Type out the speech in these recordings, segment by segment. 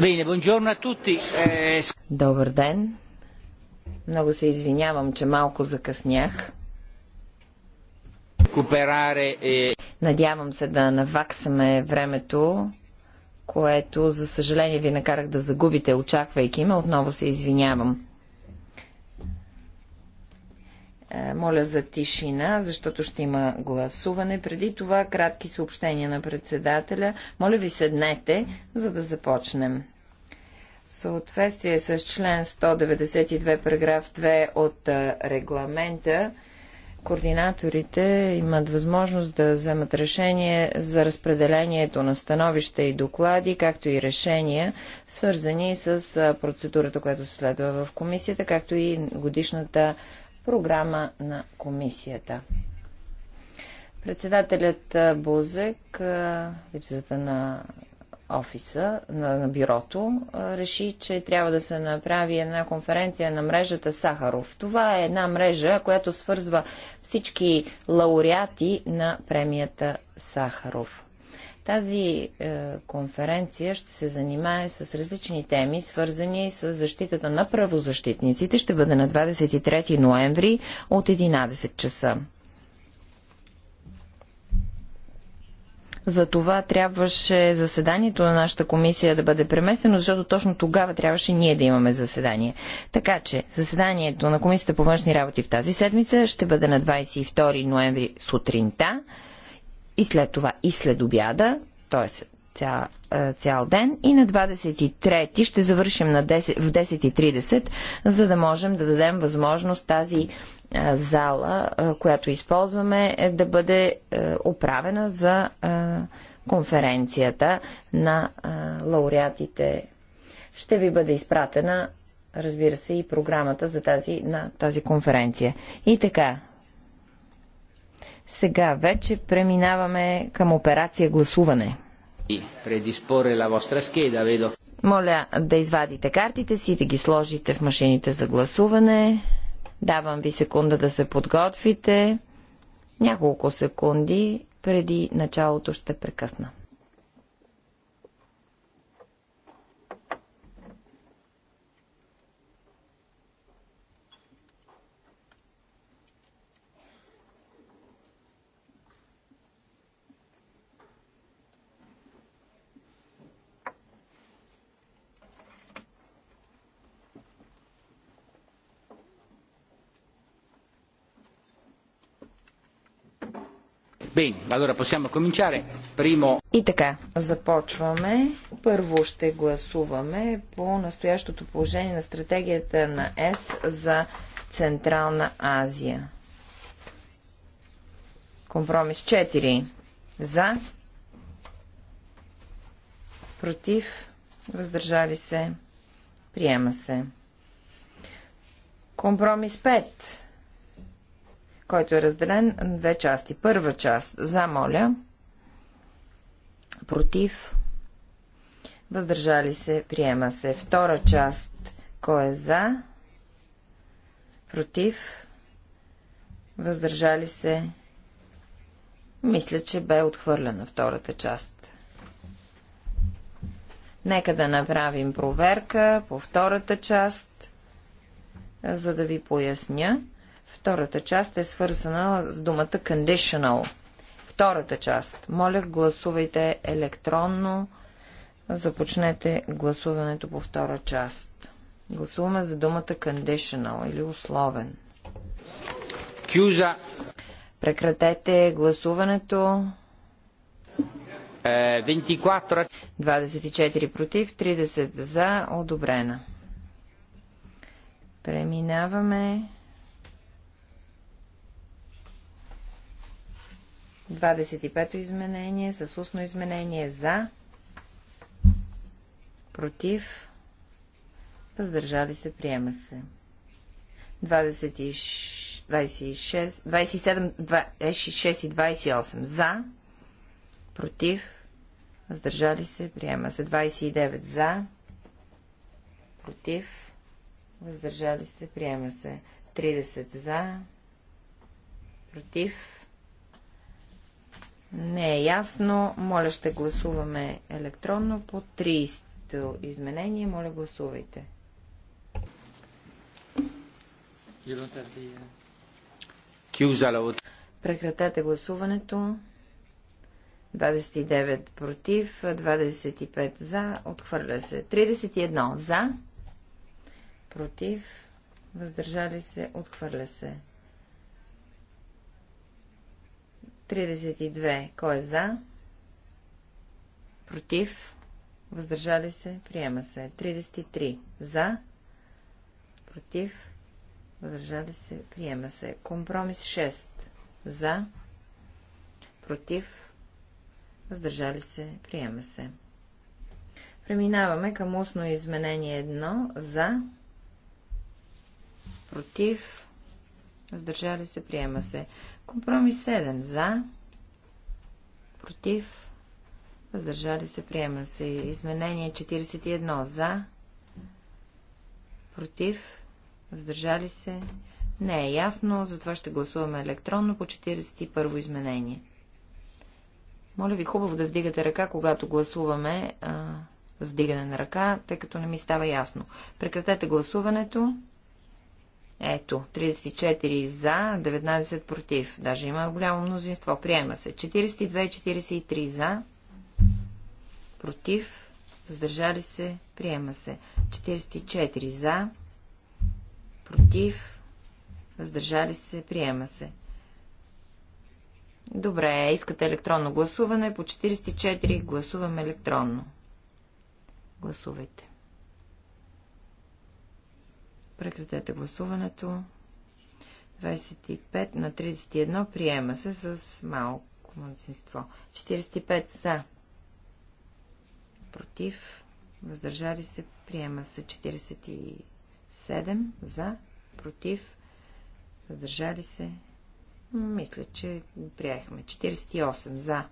Bene, buongiorno a tutti. Eh, Добър ден. Много се извинявам, че малко закъснях. Е- Надявам се да наваксаме времето, което, за съжаление, ви накарах да загубите, очаквайки ме. Отново се извинявам. Е, моля за тишина, защото ще има гласуване. Преди това кратки съобщения на председателя. Моля ви седнете, за да започнем съответствие с член 192 параграф 2 от регламента, координаторите имат възможност да вземат решение за разпределението на становища и доклади, както и решения, свързани с процедурата, която се следва в комисията, както и годишната програма на комисията. Председателят Бузек, липсата на офиса, на, на бюрото, реши, че трябва да се направи една конференция на мрежата Сахаров. Това е една мрежа, която свързва всички лауреати на премията Сахаров. Тази е, конференция ще се занимае с различни теми, свързани с защитата на правозащитниците. Ще бъде на 23 ноември от 11 часа. За това трябваше заседанието на нашата комисия да бъде преместено, защото точно тогава трябваше ние да имаме заседание. Така че заседанието на комисията по външни работи в тази седмица ще бъде на 22 ноември сутринта и след това и след обяда, т.е. Цял, е, цял ден и на 23 ще завършим на 10, в 10.30, за да можем да дадем възможност тази зала, която използваме, е да бъде е, оправена за конференцията на лауреатите. Ще ви бъде изпратена, разбира се, и програмата за тази, на тази конференция. И така, сега вече преминаваме към операция гласуване. Моля да извадите картите си, да ги сложите в машините за гласуване. Давам ви секунда да се подготвите. Няколко секунди преди началото ще прекъсна. И така, започваме. Първо ще гласуваме по настоящото положение на стратегията на ЕС за Централна Азия. Компромис 4. За. Против. Въздържали се. Приема се. Компромис 5 който е разделен на две части. Първа част за моля, против, въздържали се, приема се. Втора част, кой е за, против, въздържали се, мисля, че бе отхвърлена втората част. Нека да направим проверка по втората част, за да ви поясня. Втората част е свързана с думата conditional. Втората част. Моля, гласувайте електронно. Започнете гласуването по втора част. Гласуваме за думата conditional или условен. Кюжа. Прекратете гласуването. 24. Е, 24 против, 30 за, одобрена. Преминаваме 25-то изменение с устно изменение за, против, въздържали се, приема се. 26, 27, и 28 за, против, въздържали се, приема се. 29 за, против, въздържали се, приема се. 30 за, против, не е ясно. Моля ще гласуваме електронно по 30-то изменение. Моля гласувайте. Прекратете гласуването. 29 против, 25 за, отхвърля се. 31 за, против, въздържали се, отхвърля се. 32. Кой е за? Против? Въздържали се? Приема се. 33. За? Против? Въздържали се? Приема се. Компромис 6. За? Против? Въздържали се? Приема се. Преминаваме към устно изменение 1. За? Против? Въздържали се? Приема се. Компромис 7 за, против, въздържали се, приема се. Изменение 41 за, против, въздържали се. Не е ясно, затова ще гласуваме електронно по 41 изменение. Моля ви хубаво да вдигате ръка, когато гласуваме а, на ръка, тъй като не ми става ясно. Прекратете гласуването. Ето, 34 за, 19 против. Даже има голямо мнозинство. Приема се. 42 и 43 за, против, въздържали се, приема се. 44 за, против, въздържали се, приема се. Добре, искате електронно гласуване. По 44 гласуваме електронно. Гласувайте. Прекратете гласуването. 25 на 31 приема се с малко младсинство. 45 са. Против. Въздържали се. Приема се 47 за. Против. Въздържали се. Мисля, че приехме. 48 за.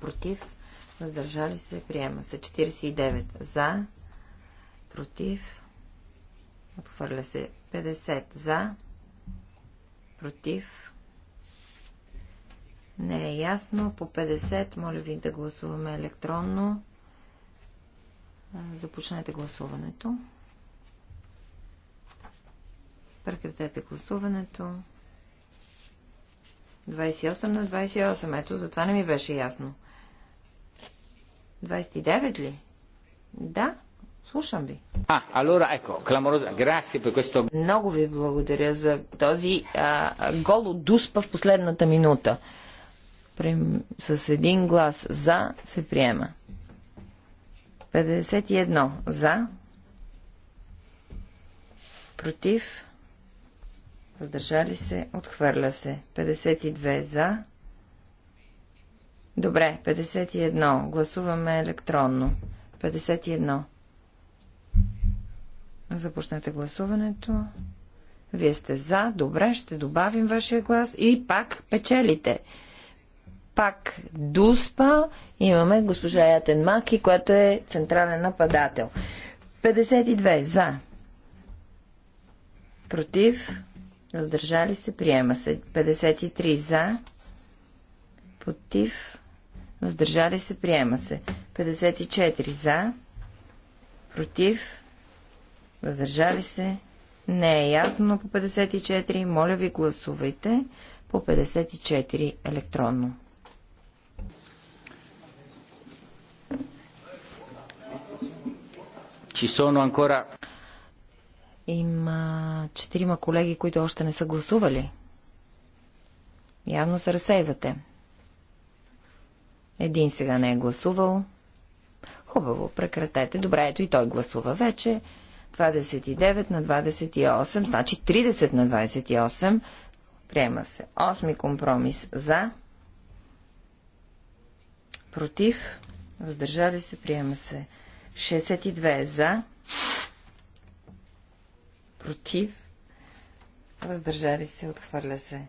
Против. Въздържали се. Приема се. 49 за. Против Отхвърля се 50 за. Против. Не е ясно. По 50, моля ви да гласуваме електронно. Започнете гласуването. Прекратете гласуването. 28 на 28. Ето, затова не ми беше ясно. 29 ли? Да. Слушам ви. А, алора, еко, кламороза. грация по questo... Много ви благодаря за този а, голо дуспа в последната минута. Прим... С един глас за се приема. 51 за. Против. Въздържали се. Отхвърля се. 52 за. Добре, 51. Гласуваме електронно. 51. Започнете гласуването. Вие сте за, добре, ще добавим вашия глас и пак печелите. Пак Дуспа имаме госпожа Ятен Маки, която е централен нападател. 52 за. Против. Въздържали се. Приема се. 53 за. Против. Въздържали се. Приема се. 54 за. Против Въздържали се? Не е ясно по 54. Моля ви, гласувайте по 54 електронно. Ci sono ancora... Има четирима колеги, които още не са гласували. Явно се разсейвате. Един сега не е гласувал. Хубаво, прекратете. Добре, ето и той гласува вече. 29 на 28, значи 30 на 28. Приема се. Осми компромис за. Против. Въздържали се. Приема се. 62 за. Против. Въздържали се. Отхвърля се.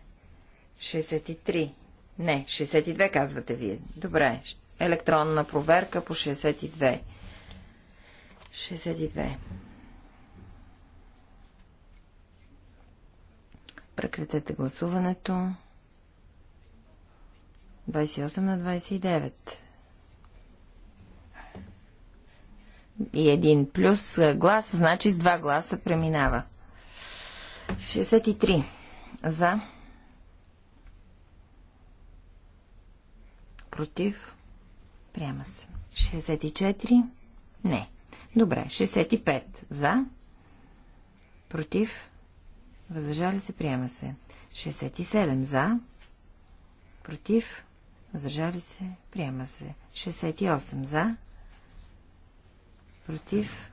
63. Не, 62 казвате вие. Добре. Електронна проверка по 62. 62. Прекратете гласуването. 28 на 29. И един плюс глас, значи с два гласа преминава. 63. За. Против. Приема се. 64. Не. Добре. 65. За. Против. Въздържали се, приема се. 67 за. Против. Въздържали се, приема се. 68 за. Против.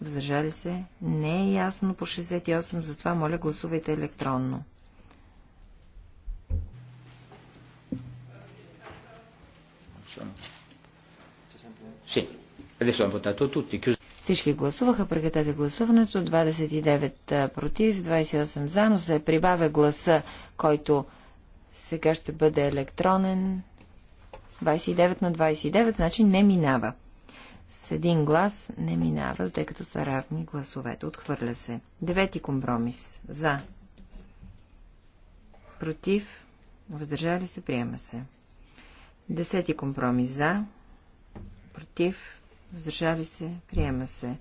Въздържали се. Не е ясно по 68, затова моля гласувайте електронно. Sì, adesso hanno votato tutti. Всички гласуваха, прекратете гласуването. 29 против, 28 за, но се прибавя гласа, който сега ще бъде електронен. 29 на 29, значи не минава. С един глас не минава, тъй като са равни гласовете. Отхвърля се. Девети компромис. За. Против. Въздържали се. Приема се. Десети компромис. За. Против въздържали се, приема се.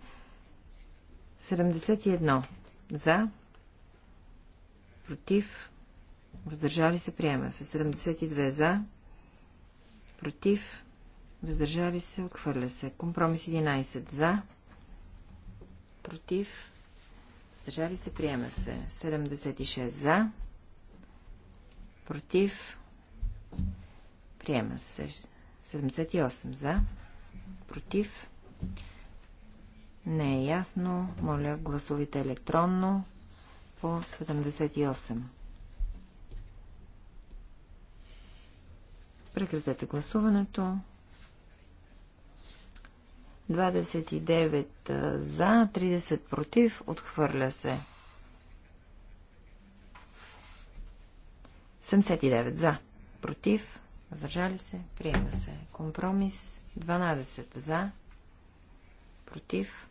71. За, против, въздържали се, приема се. 72. За, против, въздържали се, отхвърля се. Компромис 11. За, против, въздържали се, приема се. 76. За, против, приема се. 78. За, против. Не е ясно. Моля, гласувайте електронно по 78. Прекратете гласуването. 29 за, 30 против, отхвърля се. 79 за, против, въздържали се, приема се. Компромис 12 за, против,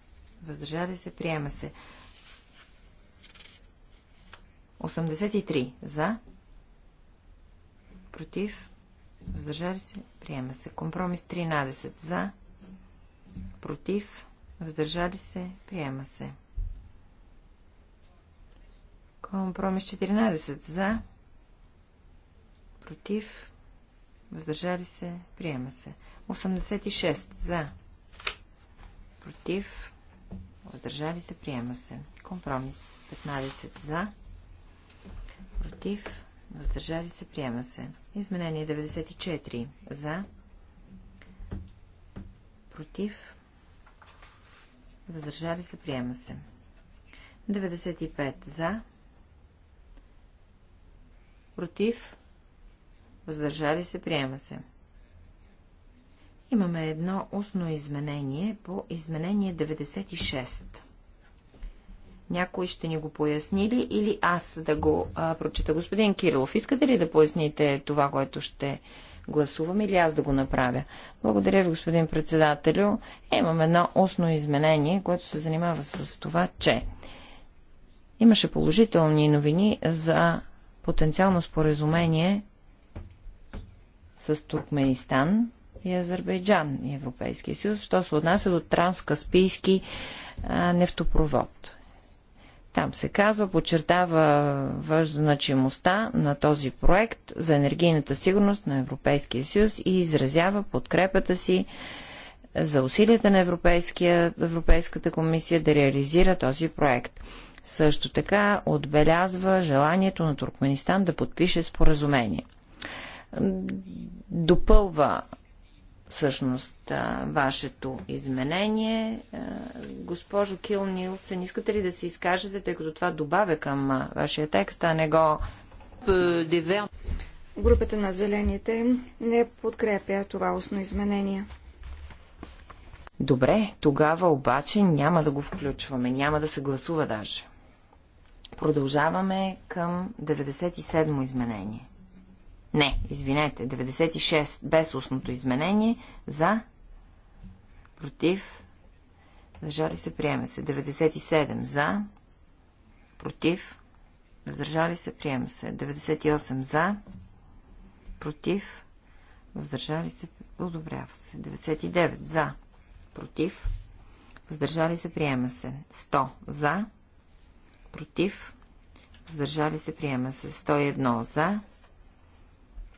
въздържали се, приема се. 83 за, против, въздържали се, приема се. Компромис 13 за, против, въздържали се, приема се. Компромис 14 за, против, въздържали се, приема се. 86 за. Против. Въздържали се. Приема се. Компромис 15 за. Против. Въздържали се. Приема се. Изменение 94 за. Против. Въздържали се. Приема се. 95 за. Против. Въздържали се. Приема се. Имаме едно устно изменение по изменение 96. Някой ще ни го поясни ли или аз да го а, прочита? Господин Кирилов, искате ли да поясните това, което ще гласувам или аз да го направя? Благодаря ви, господин председателю. Имам едно устно изменение, което се занимава с това, че имаше положителни новини за потенциално споразумение с Туркменистан и Азербайджан и Европейския съюз, що се отнася до транскаспийски нефтопровод. Там се казва, подчертава въж значимостта на този проект за енергийната сигурност на Европейския съюз и изразява подкрепата си за усилията на Европейската комисия да реализира този проект. Също така отбелязва желанието на Туркменистан да подпише споразумение. Допълва всъщност вашето изменение. Госпожо Кил Нилсен, искате ли да се изкажете, тъй като това добавя към вашия текст, а не го... Групата на зелените не подкрепя това устно изменение. Добре, тогава обаче няма да го включваме, няма да се гласува даже. Продължаваме към 97 мо изменение. Не, извинете, 96 без устното изменение. За, против, въздържали се, приема се. 97 за, против, въздържали се, приема се. 98 за, против, въздържали се, одобрява се. 99 за, против, въздържали се, приема се. 100 за, против, въздържали се, приема се. 101 за,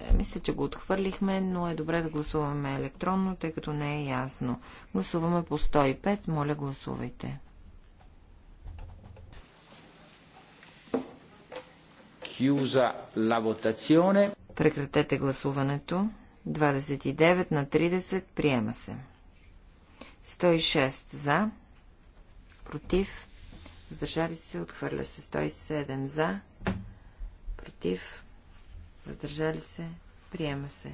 е, мисля, че го отхвърлихме, но е добре да гласуваме електронно, тъй като не е ясно. Гласуваме по 105. Моля, гласувайте. Chiusa la votazione. Прекратете гласуването. 29 на 30. Приема се. 106 за. Против. Въздържали се. Отхвърля се. 107 за. Против въздържали се, приема се.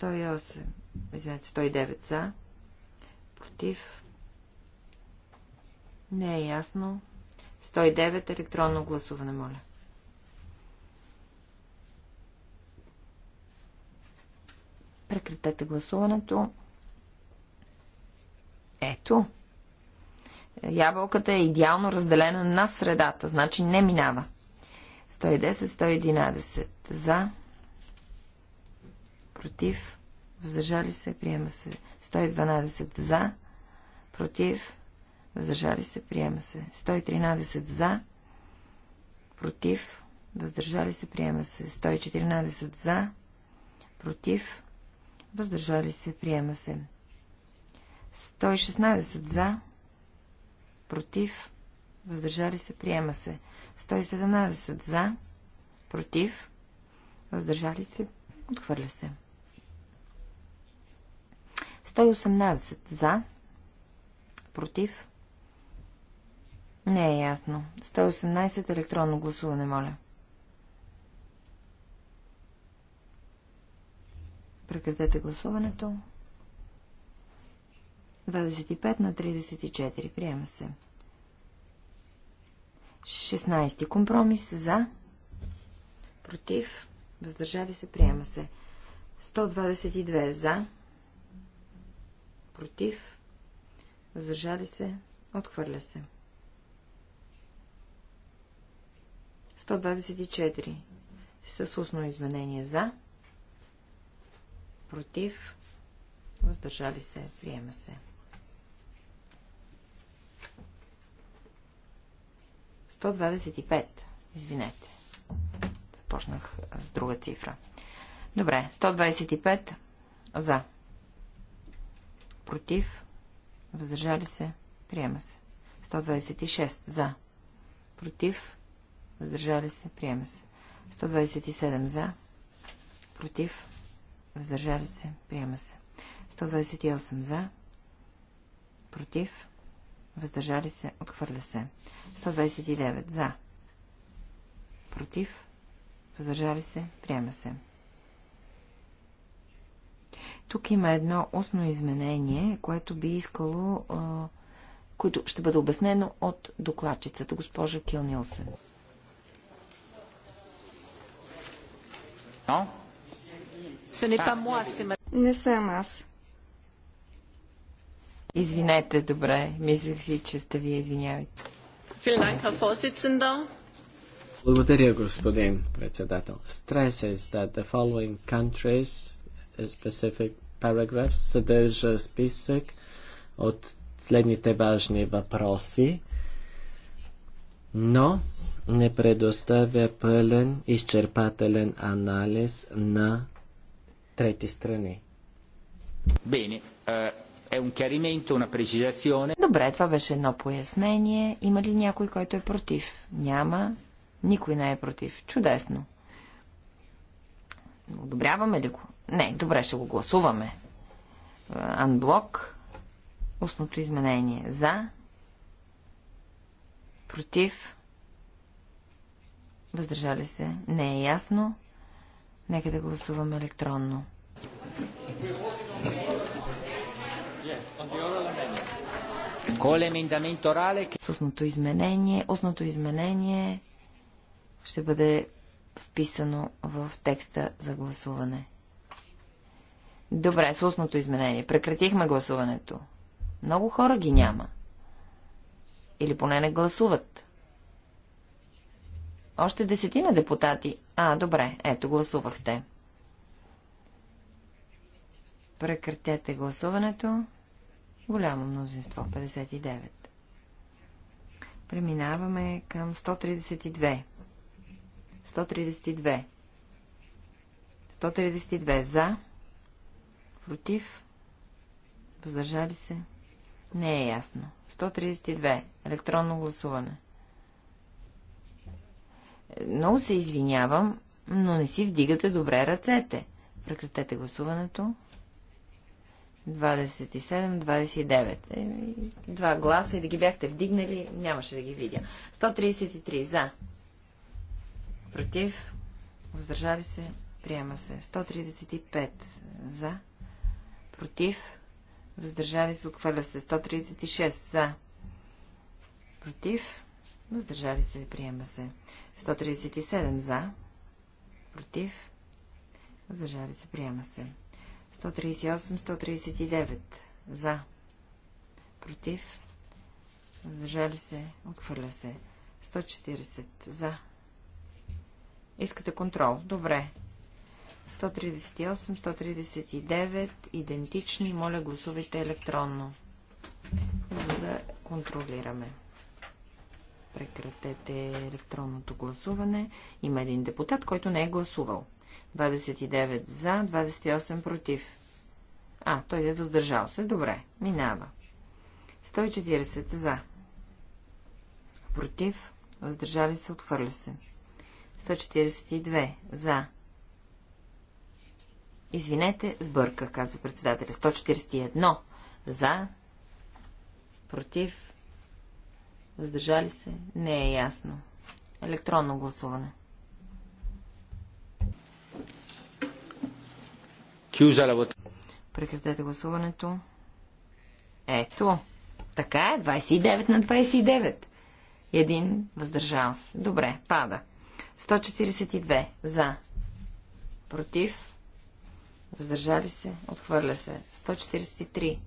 108, извинете, 109 за, против, не е ясно. 109 електронно гласуване, моля. Прекратете гласуването. Ето. Ябълката е идеално разделена на средата, значи не минава. 110-111 за, против, въздържали се, приема се. 112 за, против, въздържали се, приема се. 113 за, против, въздържали се, приема се. 114 за, против, въздържали се, приема се. 116 за, против, въздържали се, приема се. 117 за, против, Въздържали се. Отхвърля се. 118 за. Против. Не е ясно. 118 електронно гласуване, моля. Прекратете гласуването. 25 на 34. Приема се. 16. Компромис за. Против въздържали се, приема се. 122 за, против, въздържали се, отхвърля се. 124 с устно изменение за, против, въздържали се, приема се. 125. Извинете почнах с друга цифра. Добре, 125 за. Против. Въздържали се. Приема се. 126 за. Против. Въздържали се. Приема се. 127 за. Против. Въздържали се. Приема се. 128 за. Против. Въздържали се. Отхвърля се. 129 за. Против. Въздържали се? Приема се. Тук има едно устно изменение, което би искало, а, което ще бъде обяснено от докладчицата, госпожа Кил Нилсен. Ah. Не съм аз. Извинете, добре. Мислех си, че сте вие, извинявайте. Благодаря, господин председател. Stresses that the following countries, uh, specific paragraphs, съдържа списък от следните важни въпроси, но не предоставя пълен, изчерпателен анализ на трети страни. Bene, е un chiarimento, una precisazione. Добре, това беше едно пояснение. Има ли някой, който е против? Няма. Никой не е против. Чудесно. Одобряваме ли го? Не, добре, ще го гласуваме. Е, анблок. Устното изменение. За. Против. Въздържали се. Не е ясно. Нека да гласуваме електронно. Е С устното изменение, устното изменение ще бъде вписано в текста за гласуване. Добре, с устното изменение. Прекратихме гласуването. Много хора ги няма. Или поне не гласуват. Още десетина депутати. А, добре, ето гласувахте. Прекратете гласуването. Голямо мнозинство, 59. Преминаваме към 132. 132. 132 за, против, въздържали се. Не е ясно. 132. Електронно гласуване. Много се извинявам, но не си вдигате добре ръцете. Прекратете гласуването. 27-29. Е, два гласа и да ги бяхте вдигнали, нямаше да ги видя. 133 за против, въздържали се, приема се. 135 за, против, въздържали се, отхвърля се. 136 за, против, въздържали се, приема се. 137 за, против, въздържали се, приема се. 138-139 за, против, въздържали се, отхвърля се. 140 за, Искате контрол. Добре. 138, 139, идентични. Моля, гласувайте електронно, за да контролираме. Прекратете електронното гласуване. Има един депутат, който не е гласувал. 29 за, 28 против. А, той е въздържал се. Добре, минава. 140 за. Против, въздържали се, отхвърля се. 142 за. Извинете, сбърках, казва председателя. 141 за. Против. Въздържали се? Не е ясно. Електронно гласуване. Прекратете гласуването. Ето. Така е, 29 на 29. Един въздържал се. Добре, пада. 142. За. Против. Въздържали се. Отхвърля се. 143.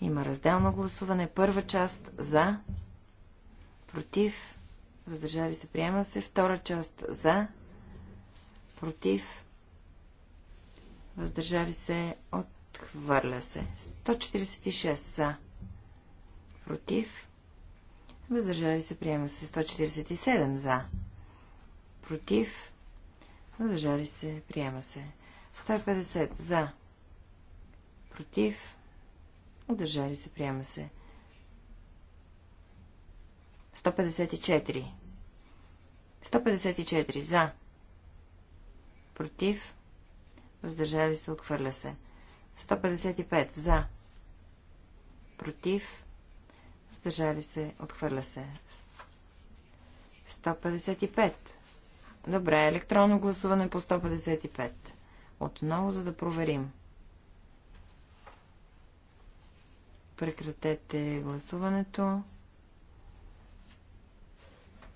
Има разделно гласуване. Първа част. За. Против. Въздържали се. Приема се. Втора част. За. Против. Въздържали се. Отхвърля се. 146. За. Против. Въздържали се. Приема се. 147. За против, въздържали се, приема се. 150 за, против, въздържали се, приема се. 154 154 за, против, въздържали се, отхвърля се. 155 за, против, въздържали се, отхвърля се. 155 Добре, електронно гласуване по 155. Отново, за да проверим. Прекратете гласуването.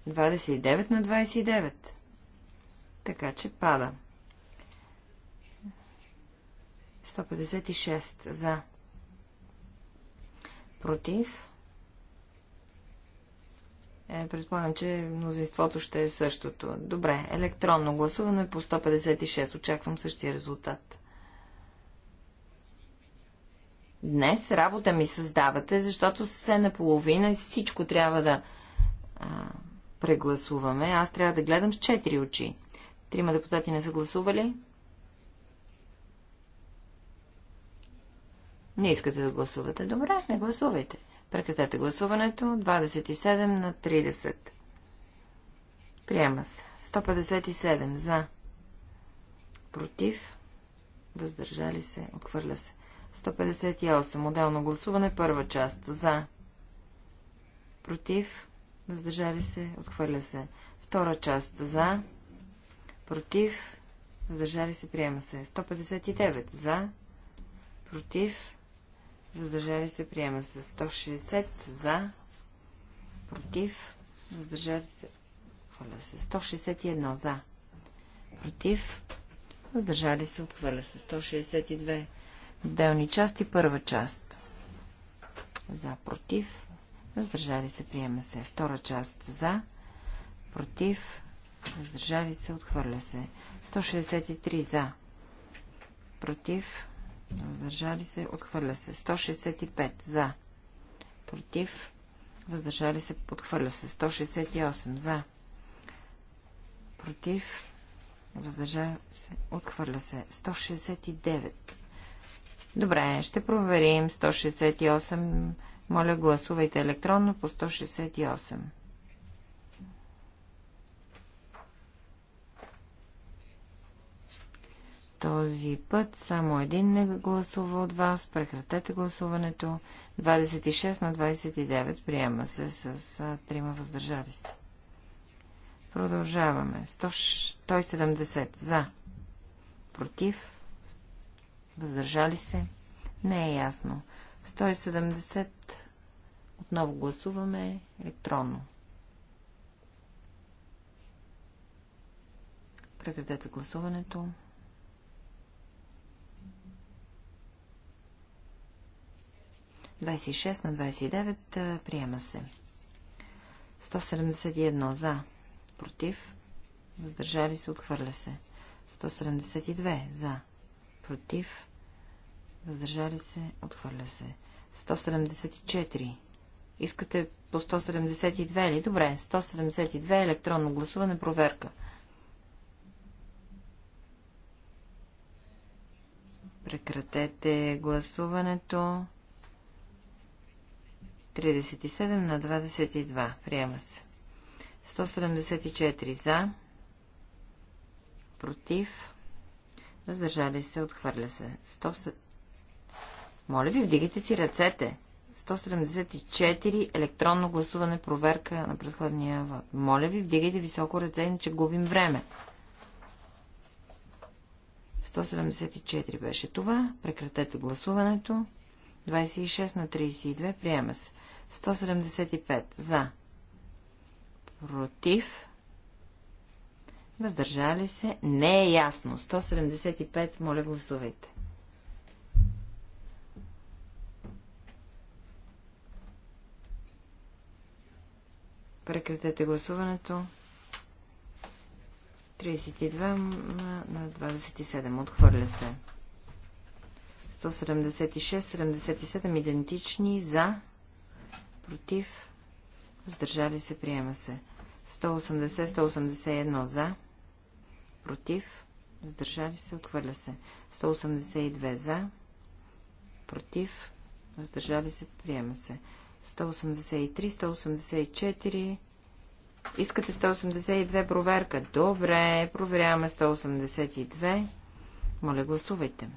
29 на 29. Така че пада. 156 за. Против. Е, предполагам, че мнозинството ще е същото. Добре, електронно гласуване по 156. Очаквам същия резултат. Днес работа ми създавате, защото се наполовина и всичко трябва да а, прегласуваме. Аз трябва да гледам с четири очи. Трима депутати не са гласували. Не искате да гласувате. Добре, не гласувайте. Прекратете гласуването. 27 на 30. Приема се. 157 за. Против. Въздържали се. Отхвърля се. 158. Отделно гласуване. Първа част. За. Против. Въздържали се. Отхвърля се. Втора част. За. Против. Въздържали се. Приема се. 159. За. Против въздържали се, приема се 160 за, против, въздържали се, хвърля се 161 за, против, въздържали се, отхвърля се 162 отделни части, първа част за, против, въздържали се, приема се втора част за, против, въздържали се, отхвърля се 163 за, против, Въздържали се. Отхвърля се. 165. За. Против. Въздържали се. Отхвърля се. 168. За. Против. Въздържали се. Отхвърля се. 169. Добре, ще проверим. 168. Моля, гласувайте електронно по 168. Този път само един не гласува от вас. Прекратете гласуването. 26 на 29 приема се с трима въздържали се. Продължаваме. 170 за. Против. Въздържали се. Не е ясно. 170. Отново гласуваме електронно. Прекратете гласуването. 26 на 29 приема се. 171 за, против, въздържали се, отхвърля се. 172 за, против, въздържали се, отхвърля се. 174. Искате по 172 ли? Добре, 172 е електронно гласуване, проверка. Прекратете гласуването. 37 на 22. Приема се. 174 за. Против. Въздържали се. Отхвърля се. 100... Моля ви, вдигайте си ръцете. 174 електронно гласуване, проверка на предходния вод. Моля ви, вдигайте високо ръце, иначе губим време. 174 беше това. Прекратете гласуването. 26 на 32. Приема се. 175. За. Против. Въздържали се. Не е ясно. 175. Моля, гласувайте. Прекратете гласуването. 32 на 27. Отхвърля се. 176, 77 идентични за, против, въздържали се, приема се. 180, 181 за, против, въздържали се, отхвърля се. 182 за, против, въздържали се, приема се. 183, 184, искате 182 проверка. Добре, проверяваме 182. Моля, гласувайте.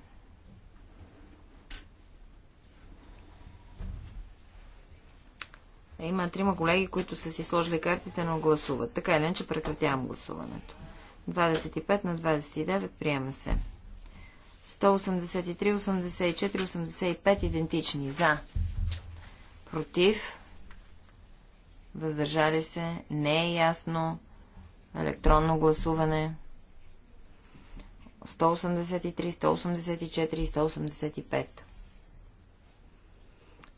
Има трима колеги, които са си сложили картите, но гласуват. Така или иначе прекратявам гласуването. 25 на 29 приема се. 183, 84, 85 идентични. За. Против. Въздържали се. Не е ясно. Електронно гласуване. 183, 184 и 185.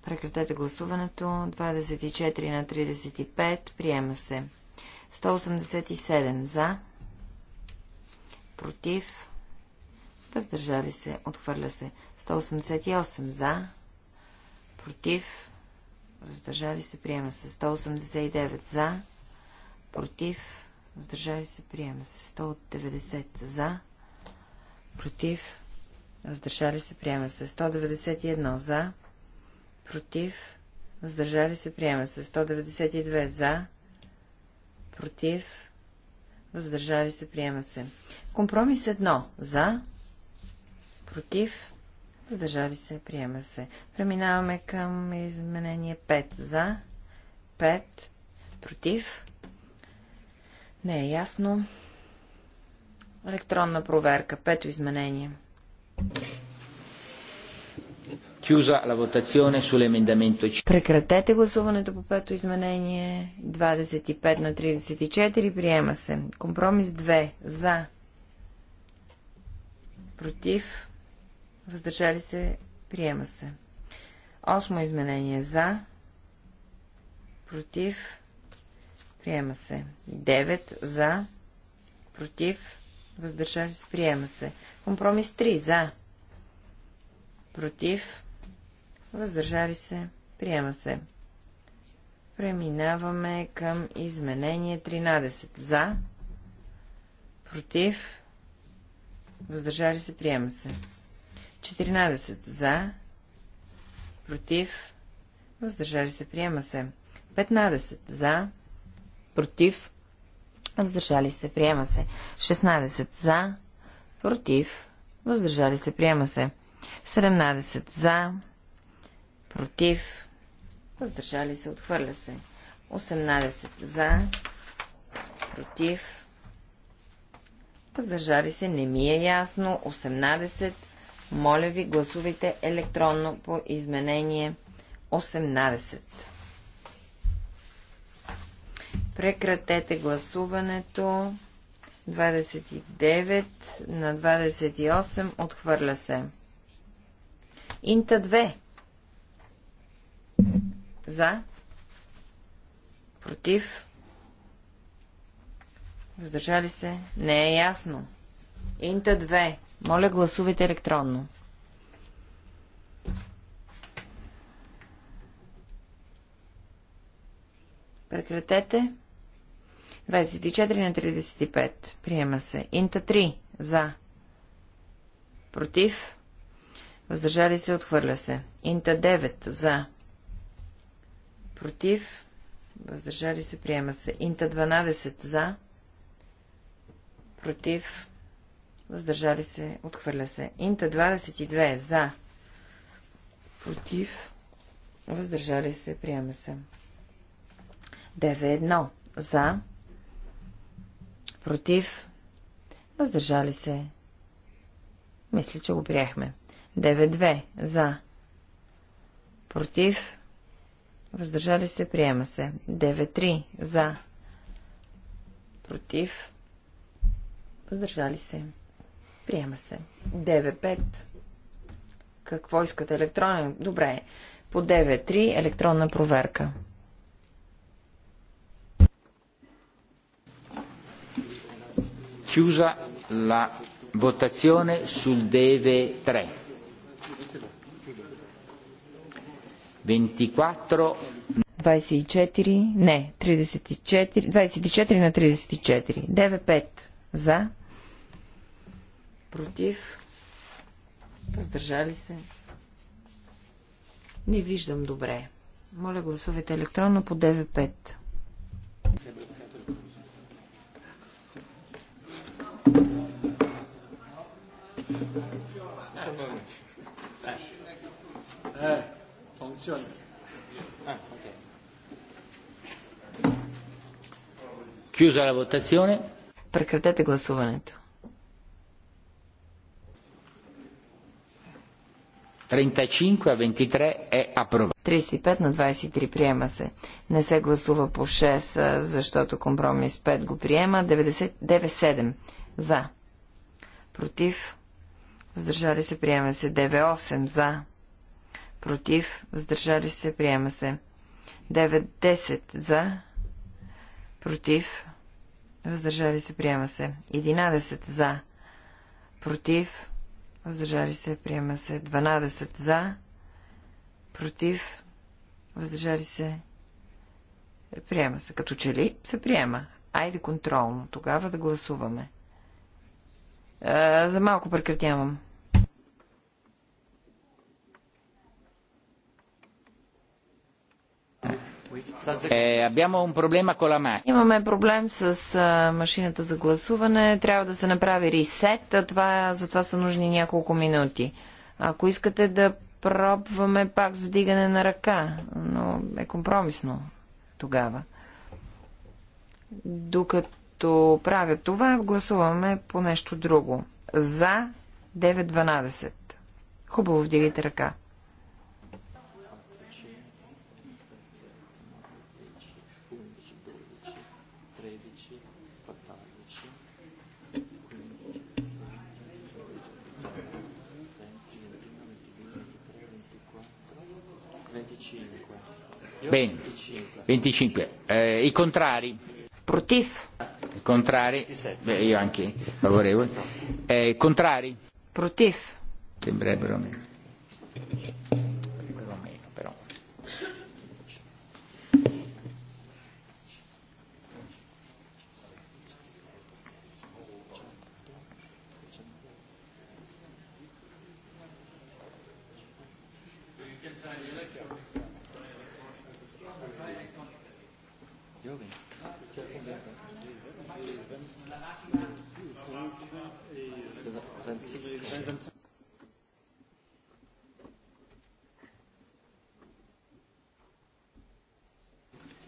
Прекратете гласуването. 24 на 35. Приема се. 187 за. Против. Въздържали се. Отхвърля се. 188 за. Против. Въздържали се. Приема се. 189 за. Против. Въздържали се. Приема се. 190 за. Против. Въздържали се. Приема се. 191 за против, въздържали се, приема се. 192 за, против, въздържали се, приема се. Компромис 1 за, против, въздържали се, приема се. Преминаваме към изменение 5 за, 5 против. Не е ясно. Електронна проверка. Пето изменение. Thank you. Прекратете гласуването по пето изменение. 25 на 34. Приема се. Компромис 2. За. Против. Въздържали се. Приема се. Осмо изменение. За. Против. Приема се. 9. За. Против. Въздържали се. Приема се. Компромис 3. За. Против въздържали се, приема се. Преминаваме към изменение 13. За, против, въздържали се, приема се. 14. За, против, въздържали се, приема се. 15. За, против, въздържали се, приема се. 16. За, против, въздържали се, приема се. 17. За, против, въздържали се, отхвърля се. 18 за, против, въздържали се, не ми е ясно. 18, моля ви, гласувайте електронно по изменение 18. Прекратете гласуването. 29 на 28 отхвърля се. Инта 2. За. Против. Въздържали се? Не е ясно. Инта 2. Моля, гласувайте електронно. Прекратете. 24 на 35. Приема се. Инта 3. За. Против. Въздържали се, отхвърля се. Инта 9. За против, въздържали се, приема се. Инта 12 за, против, въздържали се, отхвърля се. Инта 22 за, против, въздържали се, приема се. 9-1 за, против, въздържали се. Мисля, че го приехме. 9-2 за, против, Въздържали се, приема се. 9-3 за. Против. Въздържали се. Приема се. 9-5. Какво искате? Електронен? Добре. По 9-3 електронна проверка. Chiusa la votazione sul DV3. 24... Не, 34... 24 на 34. 9 За. Против. Въздържали се. Не виждам добре. Моля, гласувайте електронно по 95. Funziona. Ah, Chiusa la votazione. Прекратете гласуването. 35 а 23 е апроват. 35 на 23 приема се. Не се гласува по 6, защото компромис 5 го приема. 97 за. Против. Въздържали се приема се. 98 за против, въздържали се, приема се. 9-10 за, против, въздържали се, приема се. 11 за, против, въздържали се, приема се. 12 за, против, въздържали се, приема се. Като че ли се приема? Айде контролно, тогава да гласуваме. Е, за малко прекратявам. Е, Имаме проблем с машината за гласуване. Трябва да се направи ресет, а това, за това са нужни няколко минути. Ако искате да пробваме пак с вдигане на ръка, но е компромисно тогава. Докато правя това, гласуваме по нещо друго. За 9.12. Хубаво вдигайте ръка. Bene. 25. Eh, I contrari? Protiv. I contrari? Beh, io anche favorevole. Eh, contrari? Protiv. Sembrerebbero meno.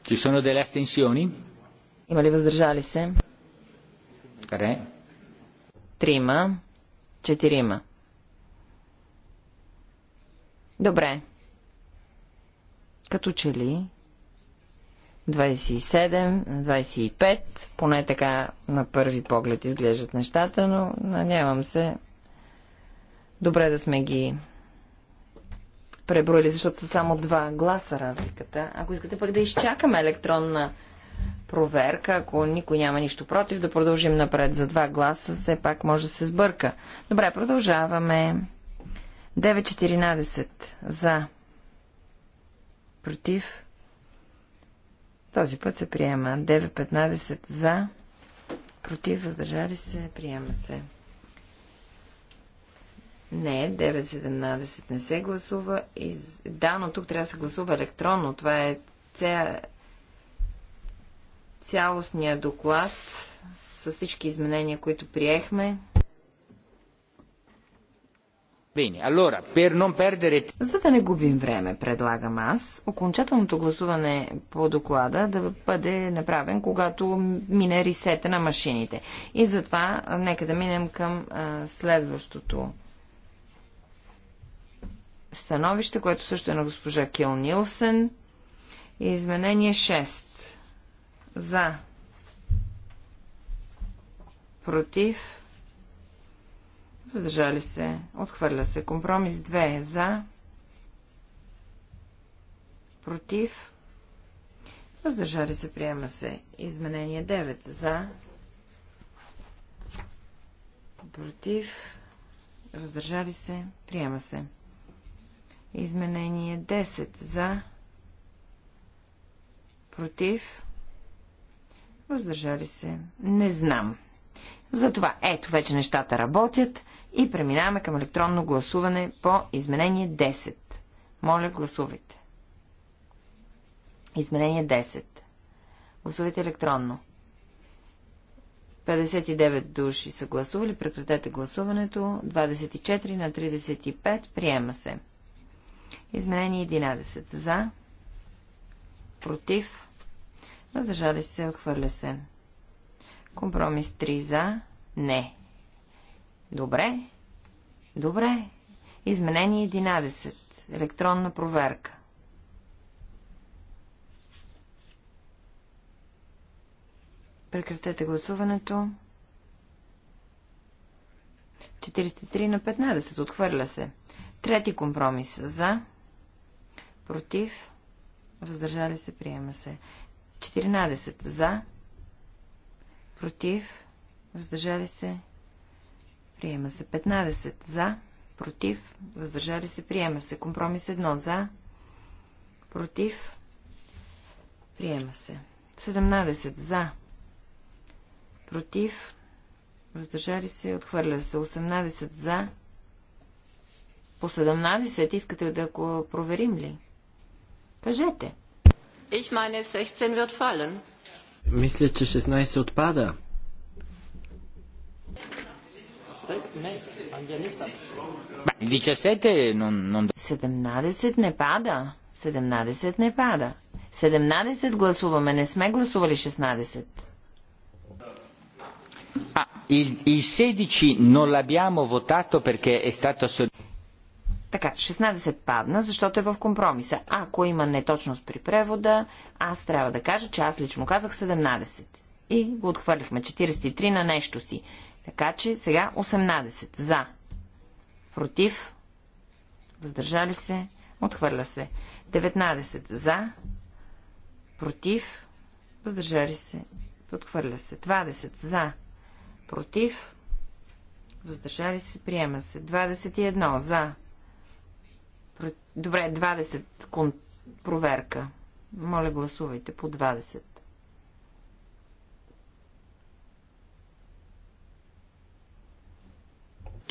Ci sono delle astensioni? Има ли въздържали се? Добре. Трима. Четирима. Добре. Като че ли 27, 25, поне така на първи поглед изглеждат нещата, но надявам се добре да сме ги преброили, защото са само два гласа разликата. Ако искате пък да изчакаме електронна проверка, ако никой няма нищо против, да продължим напред за два гласа, все пак може да се сбърка. Добре, продължаваме. 9.14 за. Против. Този път се приема. 9.15 за. Против. Въздържали се. Приема се. Не, 9.17 не се гласува. Из... Да, но тук трябва да се гласува електронно. Това е ця... цялостния доклад с всички изменения, които приехме. Bene, allora, per non perdere... За да не губим време, предлагам аз, окончателното гласуване по доклада да бъде направен, когато мине ресета на машините. И затова нека да минем към а, следващото становище, което също е на госпожа Кил Нилсен. Изменение 6. За. Против. Въздържали се. Отхвърля се. Компромис 2. За. Против. Въздържали се. Приема се. Изменение 9. За. Против. Въздържали се. Приема се. Изменение 10 за, против, въздържали се, не знам. Затова ето вече нещата работят и преминаваме към електронно гласуване по изменение 10. Моля, гласувайте. Изменение 10. Гласувайте електронно. 59 души са гласували. Прекратете гласуването. 24 на 35. Приема се. Изменение 11. За. Против. Въздържали се. Отхвърля се. Компромис 3. За. Не. Добре. Добре. Изменение 11. Електронна проверка. Прекратете гласуването. 43 на 15. Отхвърля се. Трети компромис за, против, въздържали се, приема се. 14 за, против, въздържали се, приема се. 15 за, против, въздържали се, приема се. Компромис 1 за, против, приема се. 17 за, против, въздържали се, отхвърля се. 18 за, по 17 искате да го проверим ли? Кажете. Ich meine, 16 wird fallen. Мисля, че 16 отпада. но... 17 не пада. 17 не пада. 17 гласуваме, не сме гласували 16. А, il, il 16 non l'abbiamo votato perché è stato така, 16 падна, защото е в компромиса. Ако има неточност при превода, аз трябва да кажа, че аз лично казах 17. И го отхвърлихме. 43 на нещо си. Така че сега 18. За. Против. Въздържали се. Отхвърля се. 19. За. Против. Въздържали се. Отхвърля се. 20. За. Против. Въздържали се. Приема се. 21. За Добре, 20 кон... проверка. Моля, гласувайте по 20.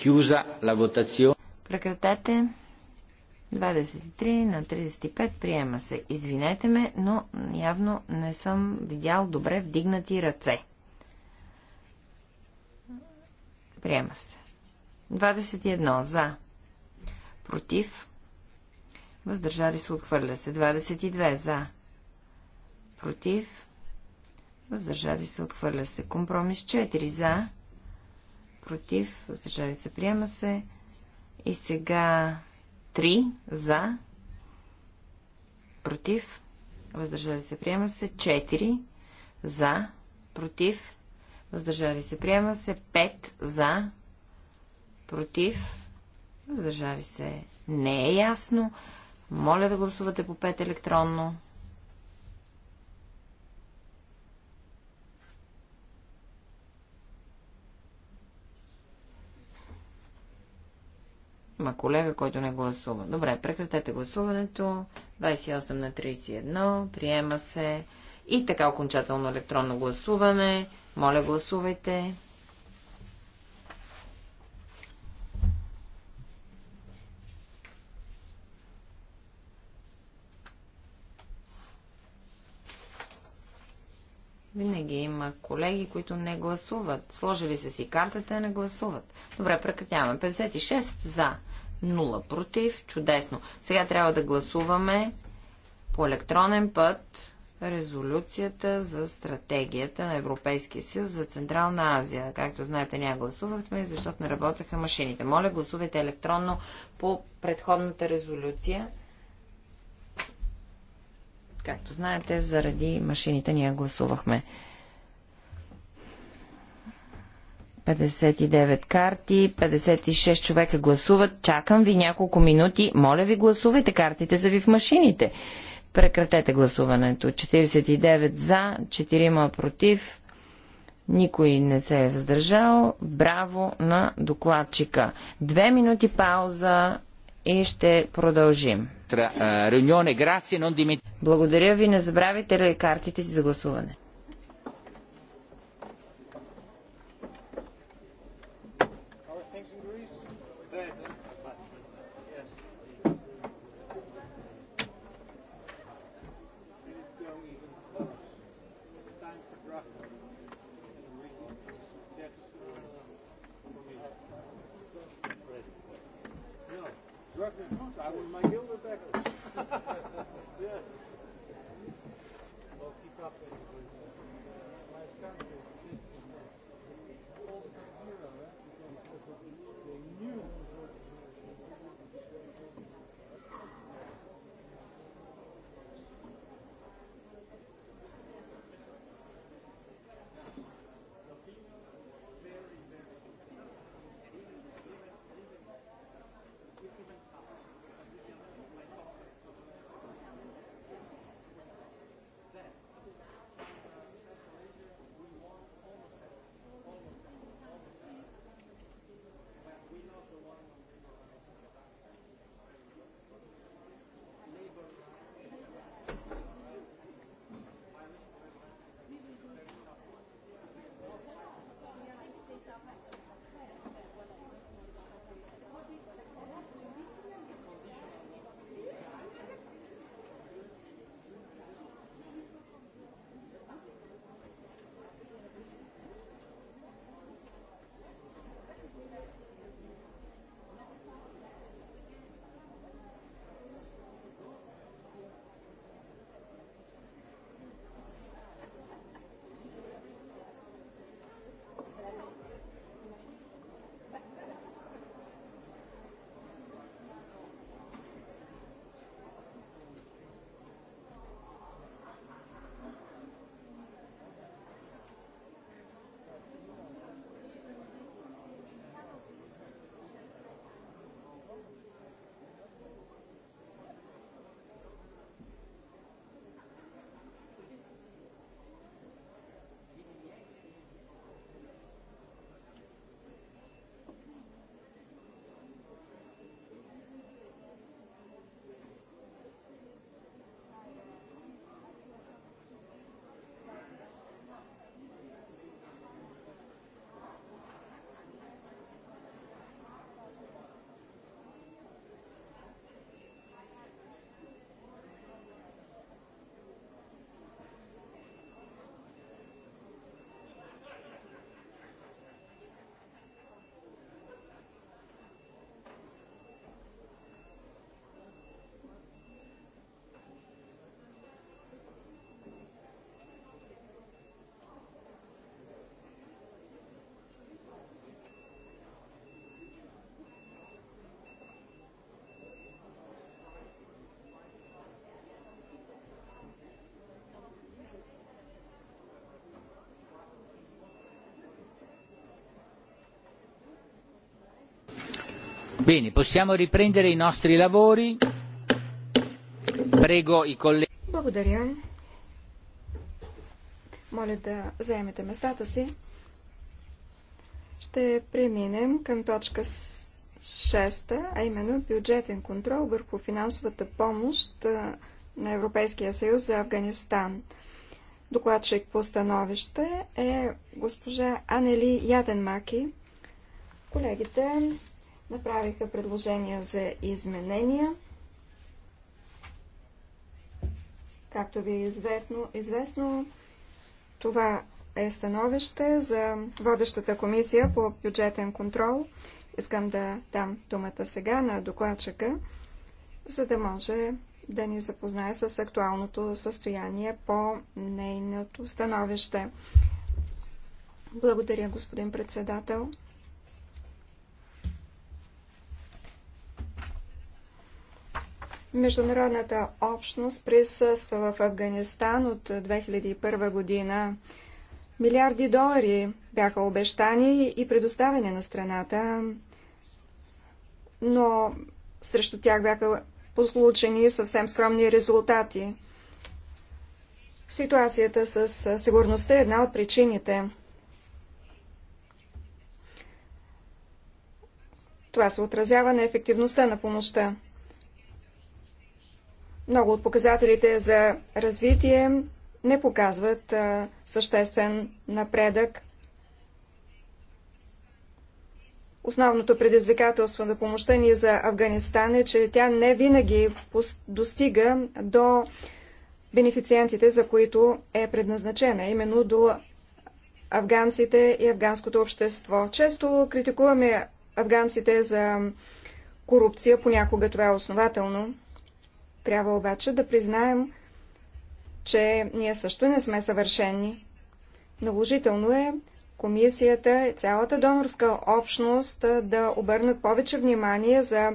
Кюза la votazione. Прекратете. 23 на 35 приема се. Извинете ме, но явно не съм видял добре вдигнати ръце. Приема се. 21 за. Против въздържали се, отхвърля се. 22 за, против, въздържали се, отхвърля се. Компромис 4 за, против, въздържали се, приема се. И сега 3 за, против, въздържали се, приема се. 4 за, против, въздържали се, приема се. 5 за, против, въздържали се, не е ясно. Моля да гласувате по 5 електронно. Ма колега, който не гласува. Добре, прекратете гласуването. 28 на 31. Приема се. И така окончателно електронно гласуване. Моля, гласувайте. Винаги има колеги, които не гласуват. Сложили са си картата и не гласуват. Добре, прекратяваме. 56 за, 0 против. Чудесно. Сега трябва да гласуваме по електронен път резолюцията за стратегията на Европейския съюз за Централна Азия. Както знаете, ние гласувахме, защото не работеха машините. Моля, гласувайте електронно по предходната резолюция. Както знаете, заради машините ние гласувахме. 59 карти, 56 човека гласуват. Чакам ви няколко минути. Моля ви, гласувайте картите са ви в машините. Прекратете гласуването. 49 за, 4 против. Никой не се е въздържал. Браво на докладчика. Две минути пауза и ще продължим. Eh, Благодаря ви, не забравяйте картите си за гласуване. Bene, possiamo riprendere i nostri lavori. Prego i colleghi. Благодаря. Моля да заемете местата си. Ще преминем към точка 6, а именно бюджетен контрол върху финансовата помощ на Европейския съюз за Афганистан. Докладчик по становище е госпожа Анели Яденмаки. Колегите направиха предложения за изменения. Както ви е известно, известно това е становище за водещата комисия по бюджетен контрол. Искам да дам думата сега на докладчика, за да може да ни запознае с актуалното състояние по нейното становище. Благодаря, господин председател. Международната общност присъства в Афганистан от 2001 година. Милиарди долари бяха обещани и предоставени на страната, но срещу тях бяха послучени съвсем скромни резултати. Ситуацията с сигурността е една от причините. Това се отразява на ефективността на помощта. Много от показателите за развитие не показват а, съществен напредък. Основното предизвикателство на помощта ни за Афганистан е, че тя не винаги достига до бенефициентите, за които е предназначена, именно до афганците и афганското общество. Често критикуваме афганците за корупция, понякога това е основателно. Трябва обаче да признаем, че ние също не сме съвършени. Наложително е комисията и цялата донорска общност да обърнат повече внимание за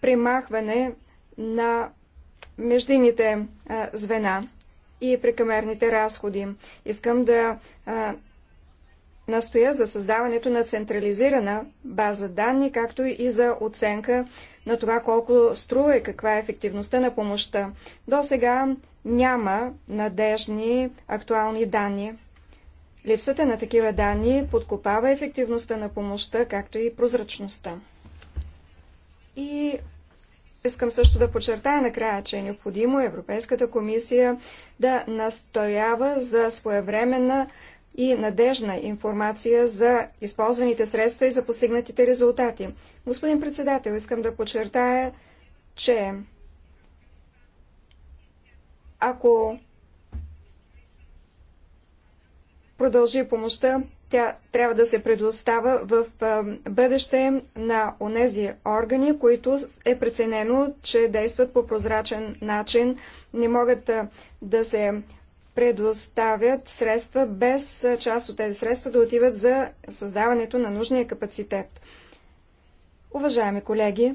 примахване на междинните звена и прекамерните разходи. Искам да настоя за създаването на централизирана база данни, както и за оценка на това колко струва и каква е ефективността на помощта. До сега няма надежни актуални данни. Липсата на такива данни подкопава ефективността на помощта, както и прозрачността. И искам също да подчертая накрая, че е необходимо Европейската комисия да настоява за своевременна и надежна информация за използваните средства и за постигнатите резултати. Господин председател, искам да подчертая, че ако продължи помощта, тя трябва да се предостава в бъдеще на онези органи, които е преценено, че действат по прозрачен начин, не могат да се предоставят средства, без част от тези средства да отиват за създаването на нужния капацитет. Уважаеми колеги,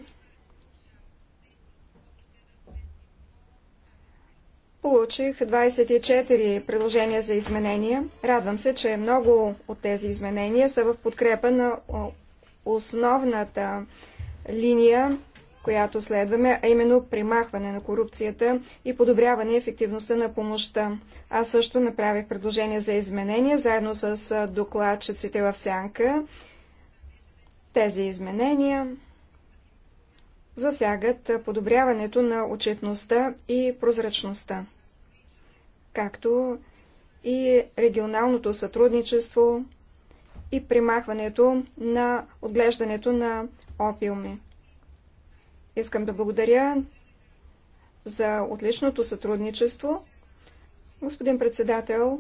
получих 24 предложения за изменения. Радвам се, че много от тези изменения са в подкрепа на основната линия която следваме, а именно примахване на корупцията и подобряване ефективността на помощта. Аз също направих предложение за изменения заедно с докладчиците в сянка. Тези изменения засягат подобряването на отчетността и прозрачността, както и регионалното сътрудничество и примахването на отглеждането на опиуми. Искам да благодаря за отличното сътрудничество. Господин председател,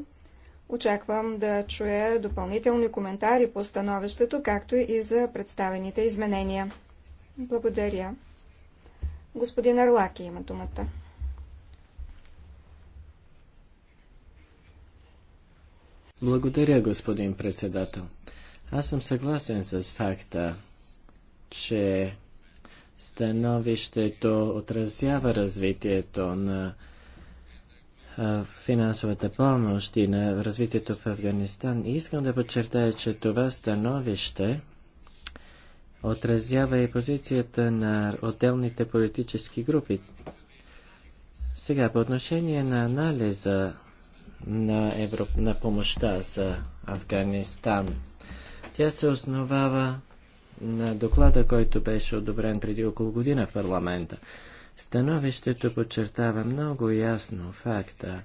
очаквам да чуя допълнителни коментари по становището, както и за представените изменения. Благодаря. Господин Арлаки има думата. Благодаря, господин председател. Аз съм съгласен с факта, че Становището отразява развитието на финансовата помощ и на развитието в Афганистан. И искам да подчертая, че това становище отразява и позицията на отделните политически групи. Сега, по отношение на анализа на, Европ... на помощта за Афганистан, тя се основава на доклада, който беше одобрен преди около година в парламента. Становището подчертава много ясно факта,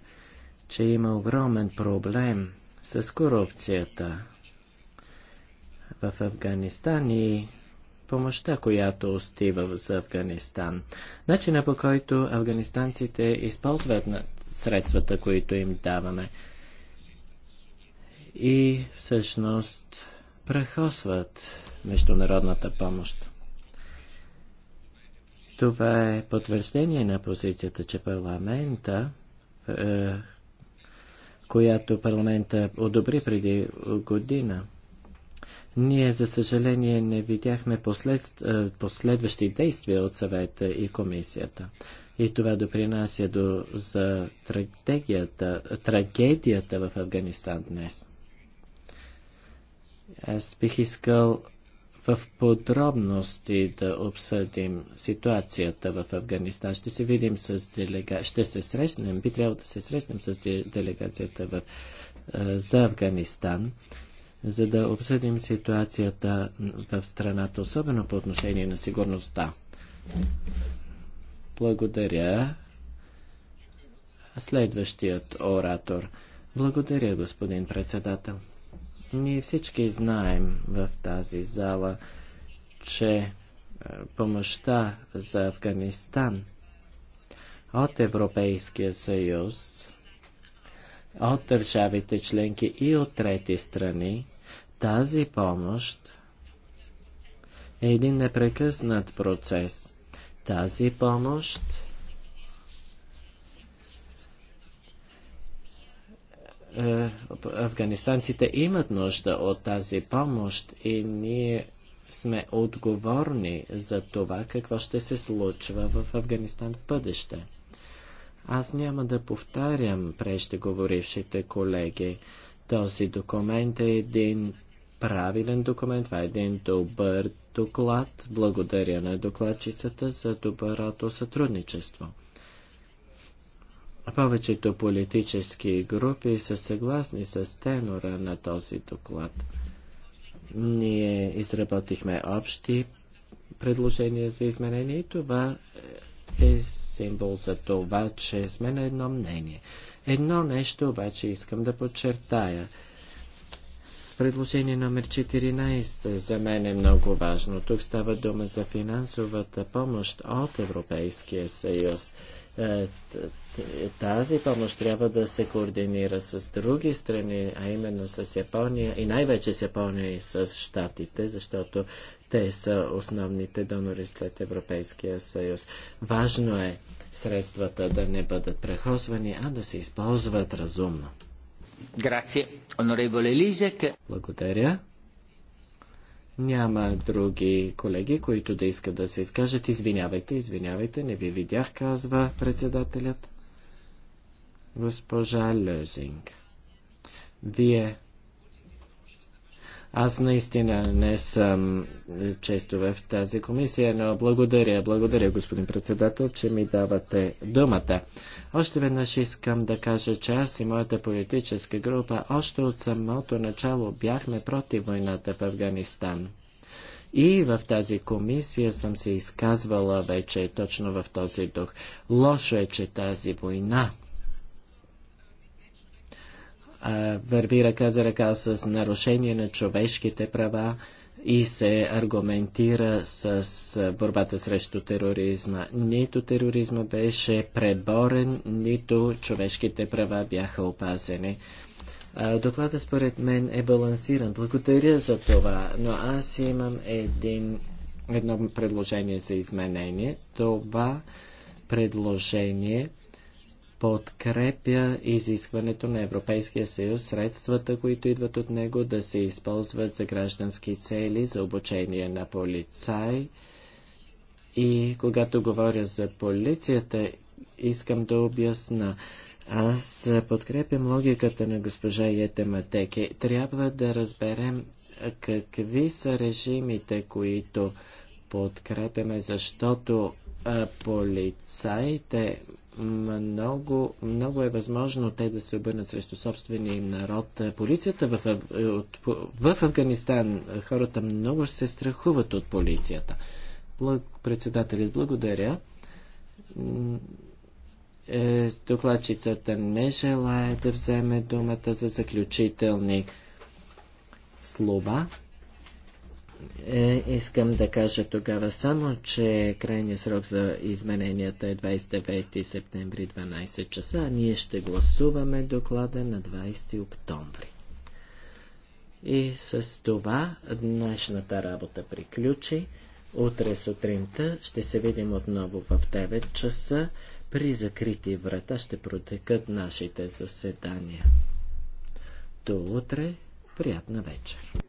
че има огромен проблем с корупцията в Афганистан и помощта, която остива в Афганистан. Начина по който афганистанците използват средствата, които им даваме. И всъщност прахосват международната помощ. Това е потвърждение на позицията, че парламента, е, която парламента одобри преди година, ние, за съжаление, не видяхме послед... Е, последващи действия от съвета и комисията. И това допринася до... за трагедията, трагедията в Афганистан днес. Аз бих искал в подробности да обсъдим ситуацията в Афганистан. Ще се видим с делега... ще се срещнем, би трябвало да се срещнем с делегацията в... за Афганистан, за да обсъдим ситуацията в страната, особено по отношение на сигурността. Благодаря. Следващият оратор. Благодаря, господин председател. Ние всички знаем в тази зала, че е, помощта за Афганистан от Европейския съюз, от държавите членки и от трети страни, тази помощ е един непрекъснат процес. Тази помощ Е, афганистанците имат нужда от тази помощ и ние сме отговорни за това какво ще се случва в Афганистан в бъдеще. Аз няма да повтарям преждеговорившите колеги. Този документ е един правилен документ, това е един добър доклад. Благодаря на докладчицата за доброто сътрудничество. Повечето политически групи са съгласни с тенора на този доклад. Ние изработихме общи предложения за изменение и това е символ за това, че сме на едно мнение. Едно нещо обаче искам да подчертая. Предложение номер 14 за мен е много важно. Тук става дума за финансовата помощ от Европейския съюз. Е, тази помощ трябва да се координира с други страни, а именно с Япония и най-вече с Япония и с Штатите, защото те са основните донори след Европейския съюз. Важно е средствата да не бъдат прехосвани, а да се използват разумно. Благодаря. Няма други колеги, които да искат да се изкажат. Извинявайте, извинявайте, не ви видях, казва председателят. Госпожа Лезинг, вие аз наистина не съм често в тази комисия, но благодаря, благодаря господин председател, че ми давате думата. Още веднъж искам да кажа, че аз и моята политическа група още от самото начало бяхме против войната в Афганистан. И в тази комисия съм се изказвала вече точно в този дух. Лошо е, че тази война върви ръка за ръка с нарушение на човешките права и се аргументира с борбата срещу тероризма. Нито тероризма беше преборен, нито човешките права бяха опазени. Доклада според мен е балансиран. Благодаря за това, но аз имам един, едно предложение за изменение. Това предложение подкрепя изискването на Европейския съюз средствата, които идват от него, да се използват за граждански цели, за обучение на полицай. И когато говоря за полицията, искам да обясна. Аз подкрепям логиката на госпожа Етематеки. Трябва да разберем какви са режимите, които подкрепяме, защото а, полицаите много, много е възможно те да се обърнат срещу собствения им народ. Полицията в, от, в Афганистан, хората много се страхуват от полицията. Благ, председателят, благодаря. Е, докладчицата не желая да вземе думата за заключителни слова. Е, искам да кажа тогава само, че крайният срок за измененията е 29 септември 12 часа, а ние ще гласуваме доклада на 20 октомври. И с това днешната работа приключи. Утре сутринта ще се видим отново в 9 часа. При закрити врата ще протекат нашите заседания. До утре, приятна вечер!